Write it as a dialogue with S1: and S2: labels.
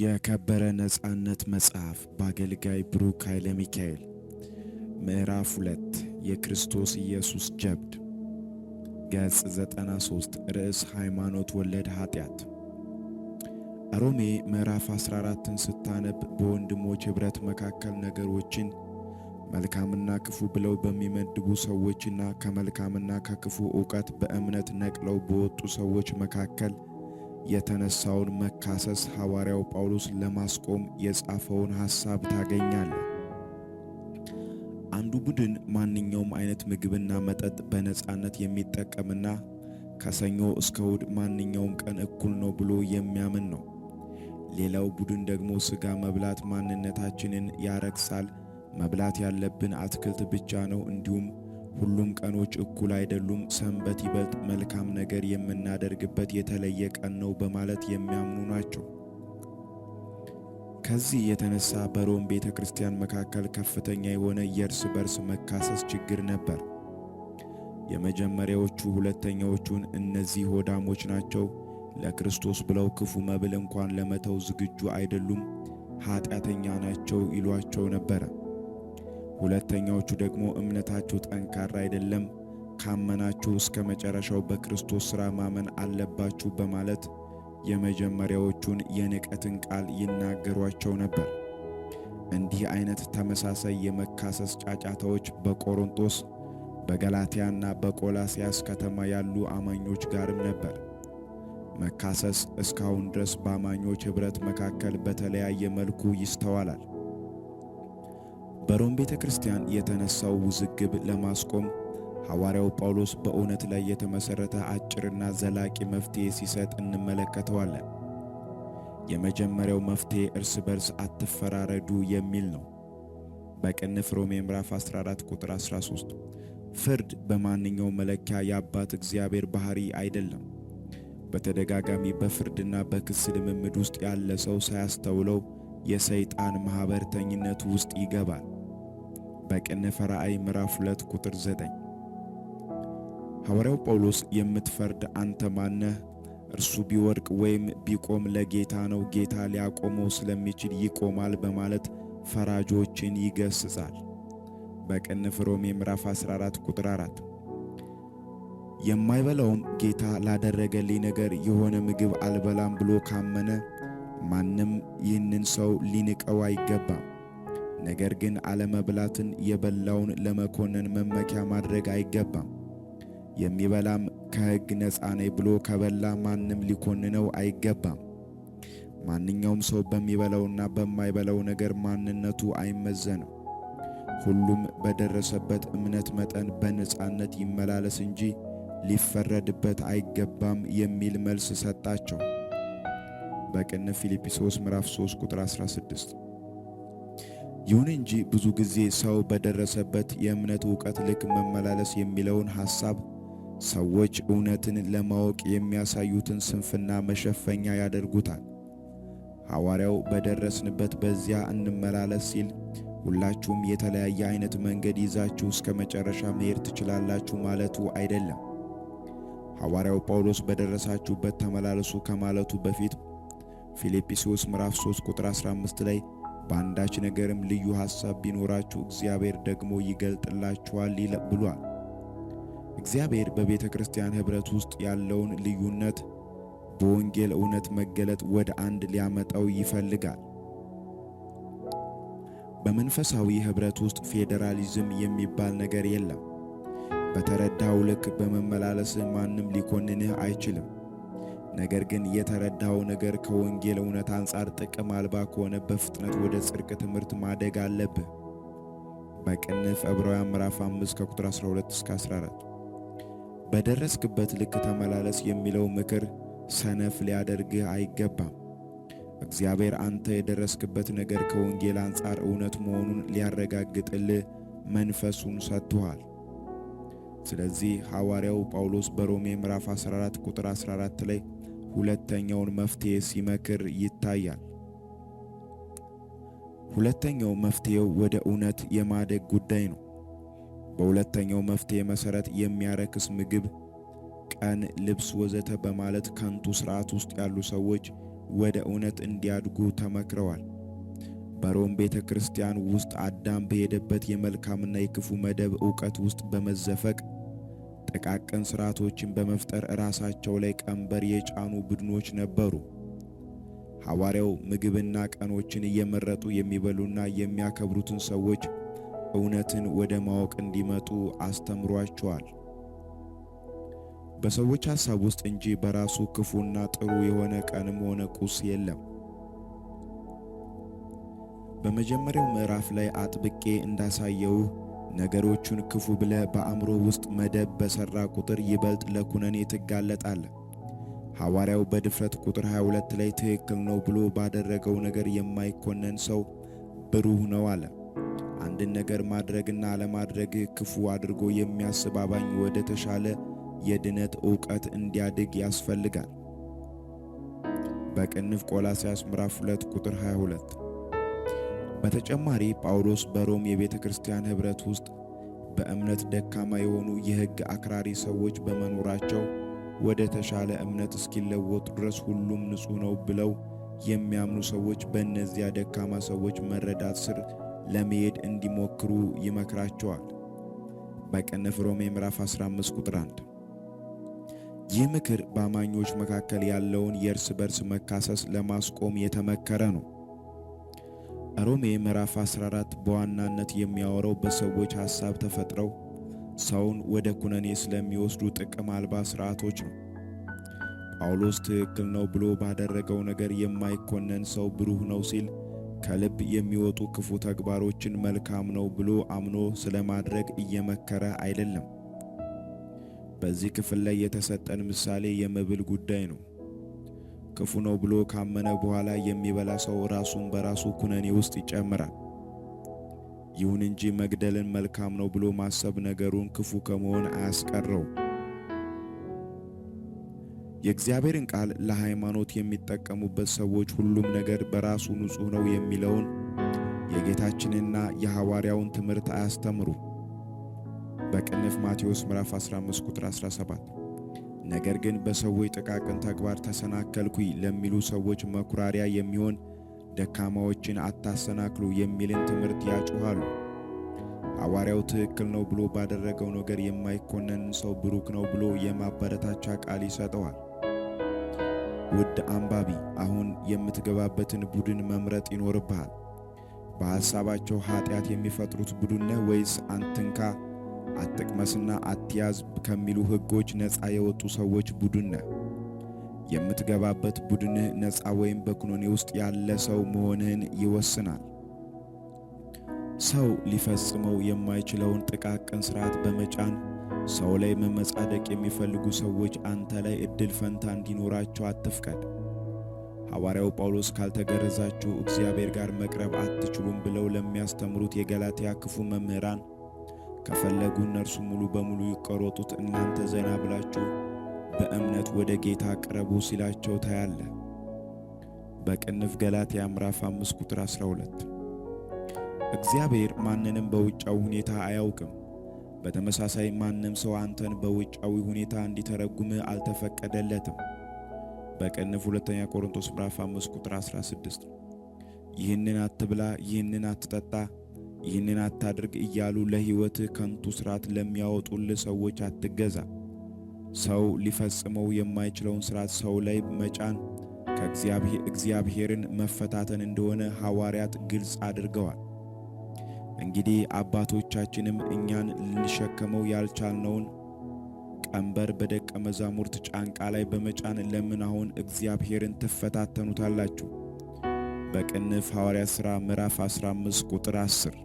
S1: የከበረ ነፃነት መጽሐፍ በአገልጋይ ብሩክ ኃይለ ሚካኤል ምዕራፍ ሁለት የክርስቶስ ኢየሱስ ጀብድ ገጽ 93 ርዕስ ሃይማኖት ወለድ ኃጢአት አሮሜ ምዕራፍ 14ን ስታነብ በወንድሞች ኅብረት መካከል ነገሮችን መልካምና ክፉ ብለው በሚመድቡ ሰዎችና ከመልካምና ከክፉ ዕውቀት በእምነት ነቅለው በወጡ ሰዎች መካከል የተነሳውን መካሰስ ሐዋርያው ጳውሎስ ለማስቆም የጻፈውን ሐሳብ ታገኛለህ። አንዱ ቡድን ማንኛውም አይነት ምግብና መጠጥ በነጻነት የሚጠቀምና ከሰኞ እስከ እሁድ ማንኛውም ቀን እኩል ነው ብሎ የሚያምን ነው። ሌላው ቡድን ደግሞ ስጋ መብላት ማንነታችንን ያረክሳል፣ መብላት ያለብን አትክልት ብቻ ነው፣ እንዲሁም ሁሉም ቀኖች እኩል አይደሉም፣ ሰንበት ይበልጥ መልካም ነገር የምናደርግበት የተለየ ቀን ነው በማለት የሚያምኑ ናቸው። ከዚህ የተነሳ በሮም ቤተ ክርስቲያን መካከል ከፍተኛ የሆነ የእርስ በርስ መካሰስ ችግር ነበር። የመጀመሪያዎቹ ሁለተኛዎቹን እነዚህ ሆዳሞች ናቸው፣ ለክርስቶስ ብለው ክፉ መብል እንኳን ለመተው ዝግጁ አይደሉም፣ ኃጢአተኛ ናቸው ይሏቸው ነበረ። ሁለተኛዎቹ ደግሞ እምነታችሁ ጠንካራ አይደለም፣ ካመናችሁ እስከ መጨረሻው በክርስቶስ ሥራ ማመን አለባችሁ በማለት የመጀመሪያዎቹን የንቀትን ቃል ይናገሯቸው ነበር። እንዲህ አይነት ተመሳሳይ የመካሰስ ጫጫታዎች በቆሮንቶስ በገላትያና በቆላስያስ ከተማ ያሉ አማኞች ጋርም ነበር። መካሰስ እስካሁን ድረስ በአማኞች ኅብረት መካከል በተለያየ መልኩ ይስተዋላል። በሮም ቤተ ክርስቲያን የተነሳው ውዝግብ ለማስቆም ሐዋርያው ጳውሎስ በእውነት ላይ የተመሠረተ አጭርና ዘላቂ መፍትሔ ሲሰጥ እንመለከተዋለን። የመጀመሪያው መፍትሔ እርስ በርስ አትፈራረዱ የሚል ነው። በቅንፍ ሮሜ ምዕራፍ 14 ቁጥር 13 ፍርድ በማንኛውም መለኪያ የአባት እግዚአብሔር ባህሪ አይደለም። በተደጋጋሚ በፍርድና በክስ ልምምድ ውስጥ ያለ ሰው ሳያስተውለው የሰይጣን ማኅበርተኝነት ውስጥ ይገባል። በቅንፍ ራእይ ምዕራፍ 2 ቁጥር 9 ሐዋርያው ጳውሎስ የምትፈርድ አንተ ማነህ? እርሱ ቢወድቅ ወይም ቢቆም ለጌታ ነው፣ ጌታ ሊያቆመው ስለሚችል ይቆማል በማለት ፈራጆችን ይገስጻል። በቅንፍ ሮሜ ምዕራፍ 14 ቁጥር 4 የማይበላውም ጌታ ላደረገልኝ ነገር የሆነ ምግብ አልበላም ብሎ ካመነ ማንም ይህንን ሰው ሊንቀው አይገባም። ነገር ግን አለመብላትን የበላውን ለመኮነን መመኪያ ማድረግ አይገባም። የሚበላም ከሕግ ነፃ ነኝ ብሎ ከበላ ማንም ሊኮንነው አይገባም። ማንኛውም ሰው በሚበላውና በማይበላው ነገር ማንነቱ አይመዘንም። ሁሉም በደረሰበት እምነት መጠን በነፃነት ይመላለስ እንጂ ሊፈረድበት አይገባም የሚል መልስ ሰጣቸው። በቅን ፊልጵስዩስ ምዕራፍ 3 ቁጥር 16 ይሁን እንጂ ብዙ ጊዜ ሰው በደረሰበት የእምነት እውቀት ልክ መመላለስ የሚለውን ሐሳብ ሰዎች እውነትን ለማወቅ የሚያሳዩትን ስንፍና መሸፈኛ ያደርጉታል። ሐዋርያው በደረስንበት በዚያ እንመላለስ ሲል ሁላችሁም የተለያየ አይነት መንገድ ይዛችሁ እስከ መጨረሻ መሄድ ትችላላችሁ ማለቱ አይደለም። ሐዋርያው ጳውሎስ በደረሳችሁበት ተመላለሱ ከማለቱ በፊት ፊልጵስዩስ ምዕራፍ 3 ቁጥር 15 ላይ በአንዳች ነገርም ልዩ ሐሳብ ቢኖራችሁ እግዚአብሔር ደግሞ ይገልጥላችኋል ብሏል። እግዚአብሔር በቤተ ክርስቲያን ኅብረት ውስጥ ያለውን ልዩነት በወንጌል እውነት መገለጥ ወደ አንድ ሊያመጣው ይፈልጋል። በመንፈሳዊ ኅብረት ውስጥ ፌዴራሊዝም የሚባል ነገር የለም። በተረዳው ልክ በመመላለስህ ማንም ሊኮንንህ አይችልም። ነገር ግን የተረዳው ነገር ከወንጌል እውነት አንጻር ጥቅም አልባ ከሆነ በፍጥነት ወደ ጽድቅ ትምህርት ማደግ አለብህ። በቅንፍ ዕብራውያን ምዕራፍ 5 ከቁጥር 12 እስከ 14። በደረስክበት ልክ ተመላለስ የሚለው ምክር ሰነፍ ሊያደርግህ አይገባም። እግዚአብሔር አንተ የደረስክበት ነገር ከወንጌል አንጻር እውነት መሆኑን ሊያረጋግጥልህ መንፈሱን ሰጥቶሃል። ስለዚህ ሐዋርያው ጳውሎስ በሮሜ ምዕራፍ 14 ቁጥር 14 ላይ ሁለተኛውን መፍትሔ ሲመክር ይታያል። ሁለተኛው መፍትሔው ወደ እውነት የማደግ ጉዳይ ነው። በሁለተኛው መፍትሔ መሠረት የሚያረክስ ምግብ፣ ቀን፣ ልብስ፣ ወዘተ በማለት ከንቱ ሥርዓት ውስጥ ያሉ ሰዎች ወደ እውነት እንዲያድጉ ተመክረዋል። በሮም ቤተ ክርስቲያን ውስጥ አዳም በሄደበት የመልካምና የክፉ መደብ እውቀት ውስጥ በመዘፈቅ ጥቃቅን ስርዓቶችን በመፍጠር ራሳቸው ላይ ቀንበር የጫኑ ቡድኖች ነበሩ። ሐዋርያው ምግብና ቀኖችን እየመረጡ የሚበሉና የሚያከብሩትን ሰዎች እውነትን ወደ ማወቅ እንዲመጡ አስተምሯቸዋል። በሰዎች ሐሳብ ውስጥ እንጂ በራሱ ክፉና ጥሩ የሆነ ቀንም ሆነ ቁስ የለም። በመጀመሪያው ምዕራፍ ላይ አጥብቄ እንዳሳየው ነገሮቹን ክፉ ብለ በአእምሮ ውስጥ መደብ በሠራ ቁጥር ይበልጥ ለኩነኔ ትጋለጣለህ። ሐዋርያው በድፍረት ቁጥር 22 ላይ ትክክል ነው ብሎ ባደረገው ነገር የማይኮነን ሰው ብሩህ ነው አለ። አንድን ነገር ማድረግና አለማድረግ ክፉ አድርጎ የሚያስብ አማኝ ወደ ተሻለ የድነት ዕውቀት እንዲያድግ ያስፈልጋል። በቅንፍ ቆላስይስ ምዕራፍ 2 ቁጥር 22 በተጨማሪ ጳውሎስ በሮም የቤተ ክርስቲያን ኅብረት ውስጥ በእምነት ደካማ የሆኑ የሕግ አክራሪ ሰዎች በመኖራቸው ወደ ተሻለ እምነት እስኪለወጡ ድረስ ሁሉም ንጹሕ ነው ብለው የሚያምኑ ሰዎች በእነዚያ ደካማ ሰዎች መረዳት ስር ለመሄድ እንዲሞክሩ ይመክራቸዋል። በቅንፍ ሮሜ ምዕራፍ 15 ቁጥር 1። ይህ ምክር በአማኞች መካከል ያለውን የእርስ በርስ መካሰስ ለማስቆም የተመከረ ነው። ሮሜ ምዕራፍ 14 በዋናነት የሚያወራው በሰዎች ሐሳብ ተፈጥረው ሰውን ወደ ኩነኔ ስለሚወስዱ ጥቅም አልባ ስርዓቶች ነው። ጳውሎስ ትክክል ነው ብሎ ባደረገው ነገር የማይኮነን ሰው ብሩህ ነው ሲል ከልብ የሚወጡ ክፉ ተግባሮችን መልካም ነው ብሎ አምኖ ስለማድረግ እየመከረ አይደለም። በዚህ ክፍል ላይ የተሰጠን ምሳሌ የመብል ጉዳይ ነው። ክፉ ነው ብሎ ካመነ በኋላ የሚበላ ሰው ራሱን በራሱ ኩነኔ ውስጥ ይጨምራል። ይሁን እንጂ መግደልን መልካም ነው ብሎ ማሰብ ነገሩን ክፉ ከመሆን አያስቀረው። የእግዚአብሔርን ቃል ለሃይማኖት የሚጠቀሙበት ሰዎች ሁሉም ነገር በራሱ ንጹሕ ነው የሚለውን የጌታችንና የሐዋርያውን ትምህርት አያስተምሩ። በቅንፍ ማቴዎስ ምዕራፍ 15 ቁጥር 17 ነገር ግን በሰዎች ጥቃቅን ተግባር ተሰናከልኩኝ ለሚሉ ሰዎች መኩራሪያ የሚሆን ደካማዎችን አታሰናክሉ የሚልን ትምህርት ያጮኋሉ። ሐዋርያው ትክክል ነው ብሎ ባደረገው ነገር የማይኮነንን ሰው ብሩክ ነው ብሎ የማበረታቻ ቃል ይሰጠዋል። ውድ አንባቢ፣ አሁን የምትገባበትን ቡድን መምረጥ ይኖርብሃል። በሐሳባቸው ኃጢአት የሚፈጥሩት ቡድን ነህ ወይስ አንትንካ አትቅመስና አትያዝ ከሚሉ ሕጎች ነፃ የወጡ ሰዎች ቡድን ነ። የምትገባበት ቡድንህ ነፃ ወይም በኩነኔ ውስጥ ያለ ሰው መሆንህን ይወስናል። ሰው ሊፈጽመው የማይችለውን ጥቃቅን ስርዓት በመጫን ሰው ላይ መመጻደቅ የሚፈልጉ ሰዎች አንተ ላይ እድል ፈንታ እንዲኖራቸው አትፍቀድ። ሐዋርያው ጳውሎስ ካልተገረዛችሁ እግዚአብሔር ጋር መቅረብ አትችሉም ብለው ለሚያስተምሩት የገላትያ ክፉ መምህራን ከፈለጉ እነርሱ ሙሉ በሙሉ ይቆረጡት፣ እናንተ ዘና ብላችሁ በእምነት ወደ ጌታ ቅረቡ ሲላቸው ታያለ። በቅንፍ ገላትያ ምዕራፍ 5 ቁጥር 12። እግዚአብሔር ማንንም በውጫዊ ሁኔታ አያውቅም። በተመሳሳይ ማንም ሰው አንተን በውጫዊ ሁኔታ እንዲተረጉምህ አልተፈቀደለትም። በቅንፍ ሁለተኛ ቆሮንቶስ ምዕራፍ 5 ቁጥር 16። ይህንን አትብላ፣ ይህንን አትጠጣ ይህንን አታድርግ እያሉ ለህይወት ከንቱ ሥርዓት ለሚያወጡል ሰዎች አትገዛ። ሰው ሊፈጽመው የማይችለውን ሥርዓት ሰው ላይ መጫን ከእግዚአብሔርን መፈታተን እንደሆነ ሐዋርያት ግልጽ አድርገዋል። እንግዲህ አባቶቻችንም እኛን ልንሸከመው ያልቻልነውን ቀንበር በደቀ መዛሙርት ጫንቃ ላይ በመጫን ለምን አሁን እግዚአብሔርን ትፈታተኑታላችሁ? በቅንፍ ሐዋርያት ሥራ ምዕራፍ 15 ቁጥር 10